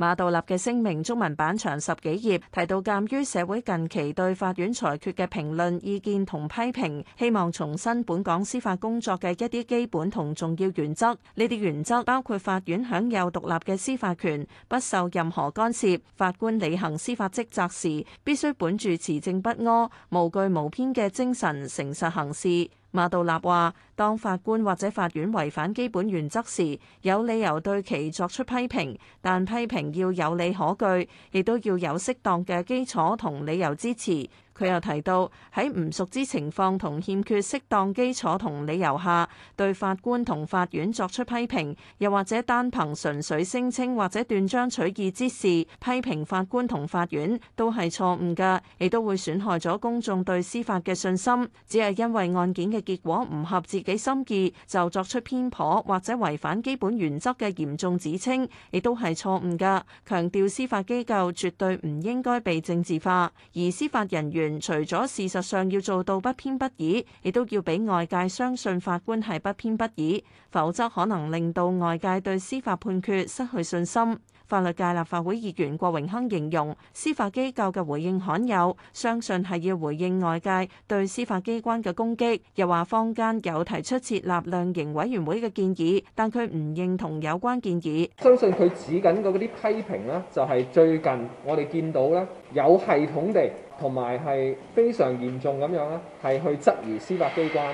馬道立嘅聲明中文版長十幾頁，提到鑑於社會近期對法院裁決嘅評論、意見同批評，希望重申本港司法工作嘅一啲基本同重要原則。呢啲原則包括法院享有獨立嘅司法權，不受任何干涉；法官履行司法職責時，必須本住持正不阿、無懼無偏嘅精神，誠實行事。馬道立話，當法官或者法院違反基本原則時，有理由對其作出批評，但批評要有理可據，亦都要有適當嘅基礎同理由支持。佢又提到，喺唔熟知情況同欠缺適當基礎同理由下，對法官同法院作出批評，又或者單憑純粹聲稱或者斷章取義之事批評法官同法院，都係錯誤嘅，亦都會損害咗公眾對司法嘅信心。只係因為案件嘅結果唔合自己心意，就作出偏頗或者違反基本原則嘅嚴重指稱，亦都係錯誤嘅。強調司法機構絕對唔應該被政治化，而司法人員。除咗事實上要做到不偏不倚，亦都要俾外界相信法官係不偏不倚，否則可能令到外界對司法判決失去信心。法律界立法會議員郭榮鏗形容司法機構嘅回應罕有，相信係要回應外界對司法機關嘅攻擊。又話坊間有提出設立量刑委員會嘅建議，但佢唔認同有關建議。相信佢指緊嗰啲批評呢，就係最近我哋見到咧，有系統地同埋係非常嚴重咁樣咧，係去質疑司法機關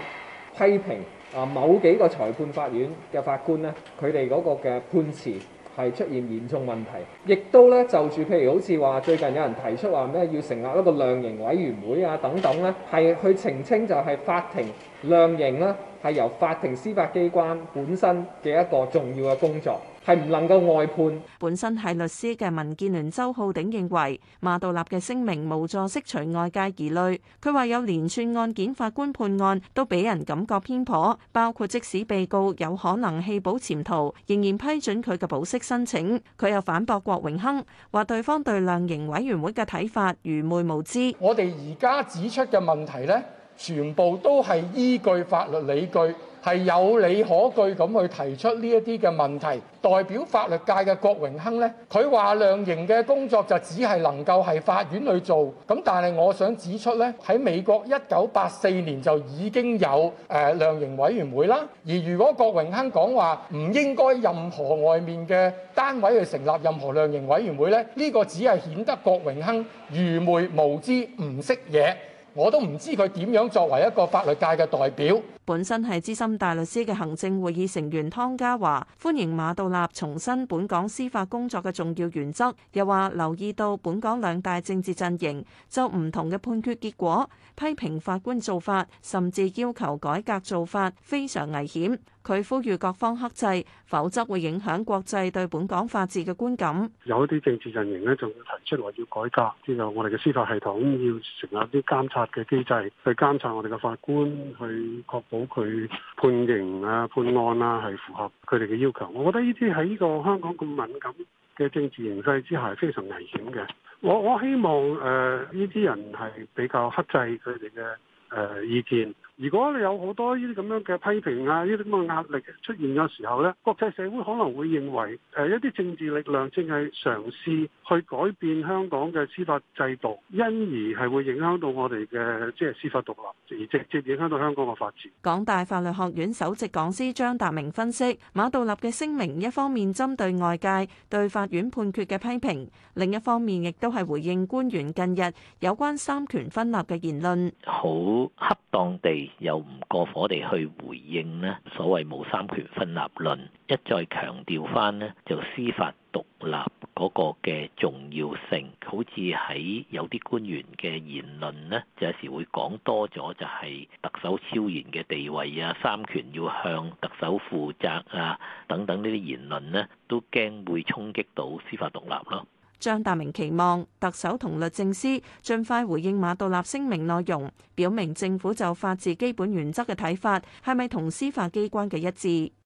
批評啊，某幾個裁判法院嘅法官呢，佢哋嗰個嘅判詞。係出現嚴重問題，亦都咧就住譬如好似話最近有人提出話咩要成立一個量刑委員會啊等等咧，係去澄清就係法庭量刑咧，係由法庭司法機關本身嘅一個重要嘅工作。係唔能夠外判。本身係律師嘅民建聯周浩鼎認為，馬道立嘅聲明無助釋除外界疑慮。佢話有連串案件法官判案都俾人感覺偏頗，包括即使被告有可能棄保潛逃，仍然批准佢嘅保釋申請。佢又反駁郭榮鏗，話對方對量刑委員會嘅睇法愚昧無知。我哋而家指出嘅問題呢，全部都係依據法律理據，係有理可據咁去提出呢一啲嘅問題。代表法律界嘅郭榮鏗呢，佢話量刑嘅工作就只係能夠喺法院去做。咁但係我想指出呢，喺美國一九八四年就已經有誒量刑委員會啦。而如果郭榮鏗講話唔應該任何外面嘅單位去成立任何量刑委員會呢，呢個只係顯得郭榮鏗愚昧無知，唔識嘢。我都唔知佢點樣作為一個法律界嘅代表。本身係資深大律師嘅行政會議成員湯家驊歡迎馬道立重申本港司法工作嘅重要原則，又話留意到本港兩大政治陣營就唔同嘅判決結果批評法官做法，甚至要求改革做法，非常危險，佢呼籲各方克制，否則會影響國際對本港法治嘅觀感。有一啲政治陣營咧，就會提出話要改革，即係我哋嘅司法系統要成立啲監察嘅機制，去監察我哋嘅法官，去確保。佢判刑啊判案啊，係符合佢哋嘅要求。我覺得呢啲喺呢個香港咁敏感嘅政治形勢之下，係非常危險嘅。我我希望誒，呢啲人係比較克制佢哋嘅誒意見。如果你有好多呢啲咁樣嘅批評啊，呢啲咁嘅壓力出現嘅時候咧，國際社會可能會認為誒一啲政治力量正係嘗試去改變香港嘅司法制度，因而係會影響到我哋嘅即係司法獨立，而直接影響到香港嘅法治。港大法律學院首席講師張達明分析，馬道立嘅聲明一方面針對外界對法院判決嘅批評，另一方面亦都係回應官員近日有關三權分立嘅言論，好恰當地。又唔過火地去回應呢所謂冇三權分立論，一再強調翻呢就司法獨立嗰個嘅重要性。好似喺有啲官員嘅言論呢，就有時會講多咗，就係特首超然嘅地位啊，三權要向特首負責啊，等等呢啲言論呢，都驚會衝擊到司法獨立咯。張達明期望特首同律政司盡快回應馬道立聲明內容，表明政府就法治基本原則嘅睇法係咪同司法機關嘅一致。